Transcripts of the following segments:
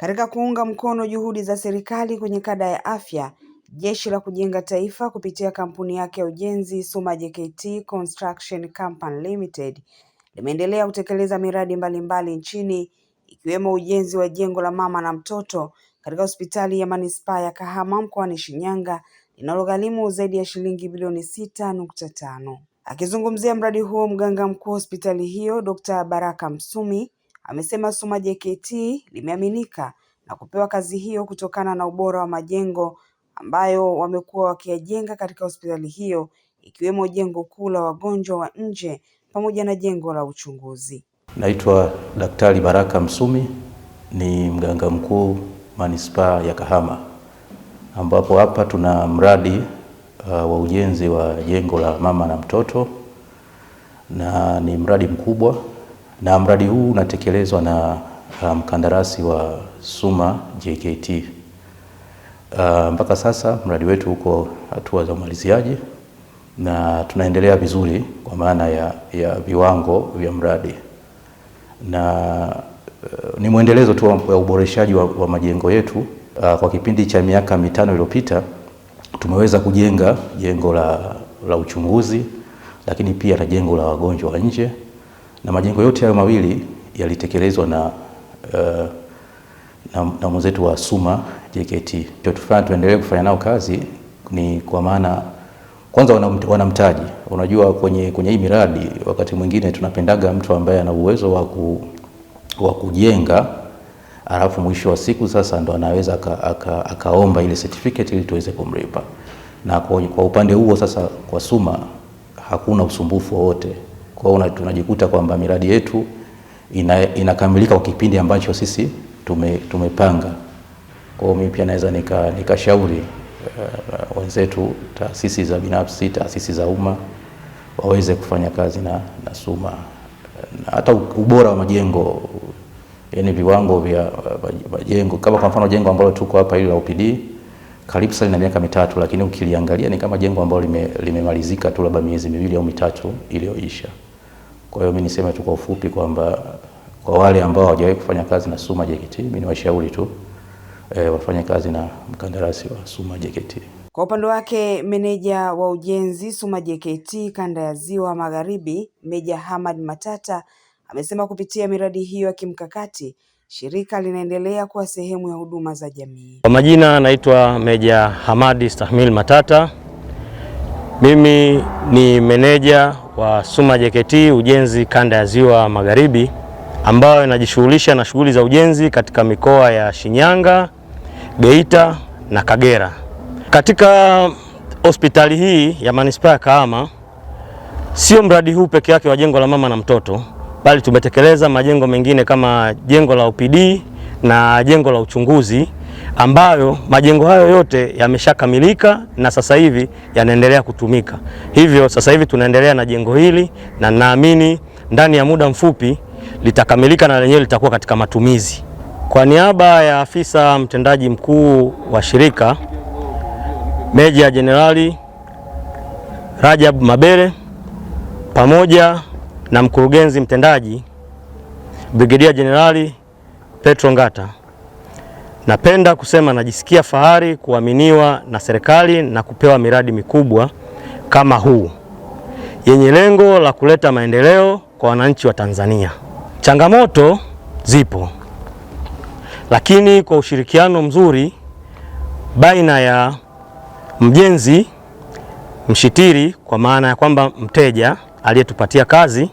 Katika kuunga mkono juhudi za serikali kwenye kada ya afya, Jeshi la Kujenga Taifa kupitia kampuni yake ya ujenzi Suma JKT Construction Company Limited limeendelea kutekeleza miradi mbalimbali mbali nchini ikiwemo ujenzi wa jengo la mama na mtoto katika hospitali ya manispaa ya Kahama mkoani Shinyanga linalogharimu zaidi ya shilingi bilioni sita nukta tano. Akizungumzia mradi huo, mganga mkuu wa hospitali hiyo Dr. Baraka Msumi Amesema Suma JKT limeaminika na kupewa kazi hiyo kutokana na ubora wa majengo ambayo wamekuwa wakiyajenga katika hospitali hiyo ikiwemo jengo kuu la wagonjwa wa nje pamoja na jengo la uchunguzi. Naitwa Daktari Baraka Msumi, ni mganga mkuu manispaa ya Kahama, ambapo hapa tuna mradi uh, wa ujenzi wa jengo la mama na mtoto na ni mradi mkubwa na mradi huu unatekelezwa na uh, mkandarasi um, wa Suma JKT. Uh, mpaka sasa mradi wetu uko hatua za umaliziaji na tunaendelea vizuri kwa maana ya, ya viwango vya mradi na uh, ni mwendelezo tu wa uboreshaji wa, wa majengo yetu. Uh, kwa kipindi cha miaka mitano iliyopita tumeweza kujenga jengo la, la uchunguzi lakini pia na jengo la wagonjwa wa nje na majengo yote hayo mawili yalitekelezwa na, uh, na, na mwenzetu wa Suma JKT. Chochote tuendelee kufanya nao kazi ni kwa maana kwanza wanamtaji. Unajua, kwenye, kwenye hii miradi wakati mwingine tunapendaga mtu ambaye ana uwezo wa wa kujenga alafu mwisho wa siku sasa ndo anaweza aka, aka, akaomba ile certificate ili tuweze kumlipa, na kwa, kwa upande huo sasa kwa Suma hakuna usumbufu wowote. Kwa hiyo tunajikuta kwamba miradi yetu ina, inakamilika kwa kipindi ambacho sisi tume, tumepanga. Kwa hiyo mimi pia naweza nikashauri nika uh, eh, wenzetu taasisi za binafsi, taasisi za umma waweze kufanya kazi na, na SUMA na hata ubora wa majengo yani viwango vya majengo kama kwa mfano jengo ambalo tuko hapa hili la OPD karibu sana na miaka mitatu, lakini ukiliangalia ni kama jengo ambalo limemalizika lime tu labda miezi miwili au mitatu iliyoisha. Kwa hiyo mimi niseme tu kwa ufupi kwamba kwa wale ambao hawajawahi kufanya kazi na Suma JKT, mimi niwashauri tu e, wafanye kazi na mkandarasi wa Suma JKT. Kwa upande wake meneja wa ujenzi Suma JKT kanda ya Ziwa Magharibi, Meja Hamad Matata amesema kupitia miradi hiyo ya kimkakati shirika linaendelea kuwa sehemu ya huduma za jamii. Kwa majina anaitwa Meja Hamadi Stahmil Matata. Mimi ni meneja wa Suma JKT ujenzi kanda ya Ziwa Magharibi ambayo inajishughulisha na shughuli za ujenzi katika mikoa ya Shinyanga, Geita na Kagera. Katika hospitali hii ya manispaa ya Kahama, sio mradi huu peke yake wa jengo la mama na mtoto, bali tumetekeleza majengo mengine kama jengo la OPD na jengo la uchunguzi ambayo majengo hayo yote yameshakamilika na sasa hivi yanaendelea kutumika. Hivyo sasa hivi tunaendelea na jengo hili na naamini ndani ya muda mfupi litakamilika na lenyewe litakuwa katika matumizi. Kwa niaba ya afisa mtendaji mkuu wa shirika Meja Jenerali Rajab Mabere pamoja na mkurugenzi mtendaji Brigedia Jenerali Petro Ngata Napenda kusema najisikia fahari kuaminiwa na serikali na kupewa miradi mikubwa kama huu yenye lengo la kuleta maendeleo kwa wananchi wa Tanzania. Changamoto zipo, lakini kwa ushirikiano mzuri baina ya mjenzi mshitiri, kwa maana ya kwamba mteja aliyetupatia kazi,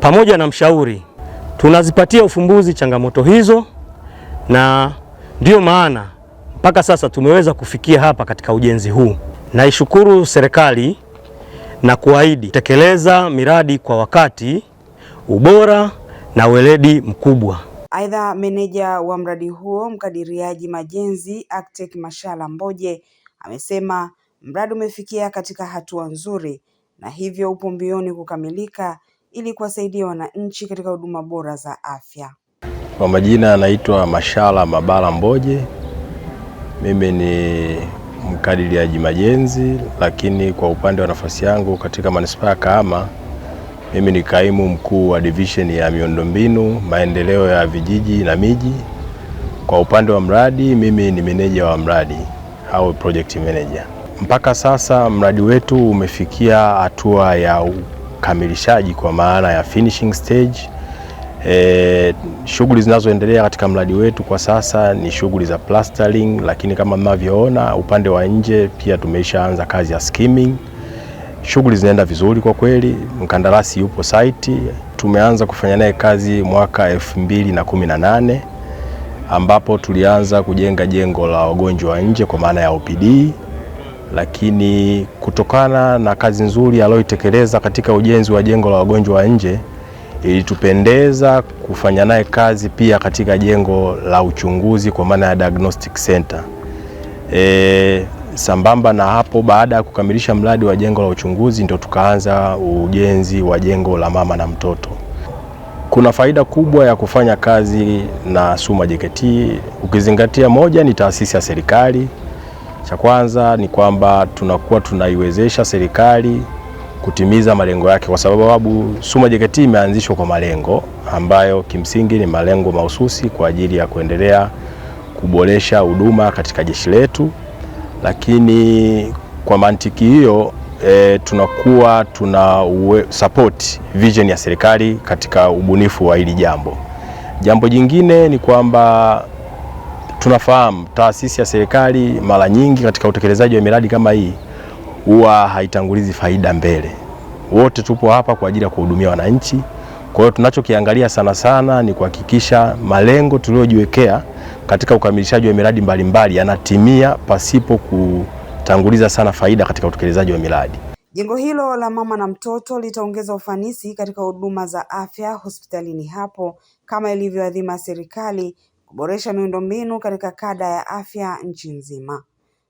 pamoja na mshauri, tunazipatia ufumbuzi changamoto hizo na Ndiyo maana mpaka sasa tumeweza kufikia hapa katika ujenzi huu. Naishukuru serikali na kuahidi tekeleza miradi kwa wakati, ubora na weledi mkubwa. Aidha, meneja wa mradi huo mkadiriaji majenzi Actech Mashala Mboje amesema mradi umefikia katika hatua nzuri na hivyo upo mbioni kukamilika ili kuwasaidia wananchi katika huduma bora za afya. Kwa majina anaitwa Mashala Mabala Mboje. Mimi ni mkadiriaji majenzi, lakini kwa upande wa nafasi yangu katika manispaa ya Kahama, mimi ni kaimu mkuu wa division ya miundombinu, maendeleo ya vijiji na miji. Kwa upande wa mradi, mimi ni meneja wa mradi au project manager. Mpaka sasa mradi wetu umefikia hatua ya ukamilishaji kwa maana ya finishing stage E, shughuli zinazoendelea katika mradi wetu kwa sasa ni shughuli za plastering, lakini kama mnavyoona upande wa nje pia tumeishaanza kazi ya skimming. Shughuli zinaenda vizuri kwa kweli, mkandarasi yupo site. Tumeanza kufanya naye kazi mwaka 2018 ambapo tulianza kujenga jengo la wagonjwa wa nje kwa maana ya OPD, lakini kutokana na kazi nzuri aliyoitekeleza katika ujenzi wa jengo la wagonjwa wa nje ilitupendeza kufanya naye kazi pia katika jengo la uchunguzi kwa maana ya diagnostic center. E, sambamba na hapo, baada ya kukamilisha mradi wa jengo la uchunguzi ndio tukaanza ujenzi wa jengo la mama na mtoto. Kuna faida kubwa ya kufanya kazi na SUMA JKT ukizingatia, moja ni taasisi ya serikali, cha kwanza ni kwamba tunakuwa tunaiwezesha serikali kutimiza malengo yake, kwa sababu Suma JKT imeanzishwa kwa malengo ambayo kimsingi ni malengo mahususi kwa ajili ya kuendelea kuboresha huduma katika jeshi letu, lakini kwa mantiki hiyo e, tunakuwa tuna support vision ya serikali katika ubunifu wa hili jambo. Jambo jingine ni kwamba tunafahamu taasisi ya serikali mara nyingi katika utekelezaji wa miradi kama hii huwa haitangulizi faida mbele. Wote tupo hapa kwa ajili ya kuhudumia wananchi. Kwa hiyo tunachokiangalia sana sana ni kuhakikisha malengo tuliyojiwekea katika ukamilishaji wa miradi mbalimbali yanatimia pasipo kutanguliza sana faida katika utekelezaji wa miradi. Jengo hilo la mama na mtoto litaongeza ufanisi katika huduma za afya hospitalini hapo kama ilivyoadhima serikali kuboresha miundombinu katika kada ya afya nchi nzima.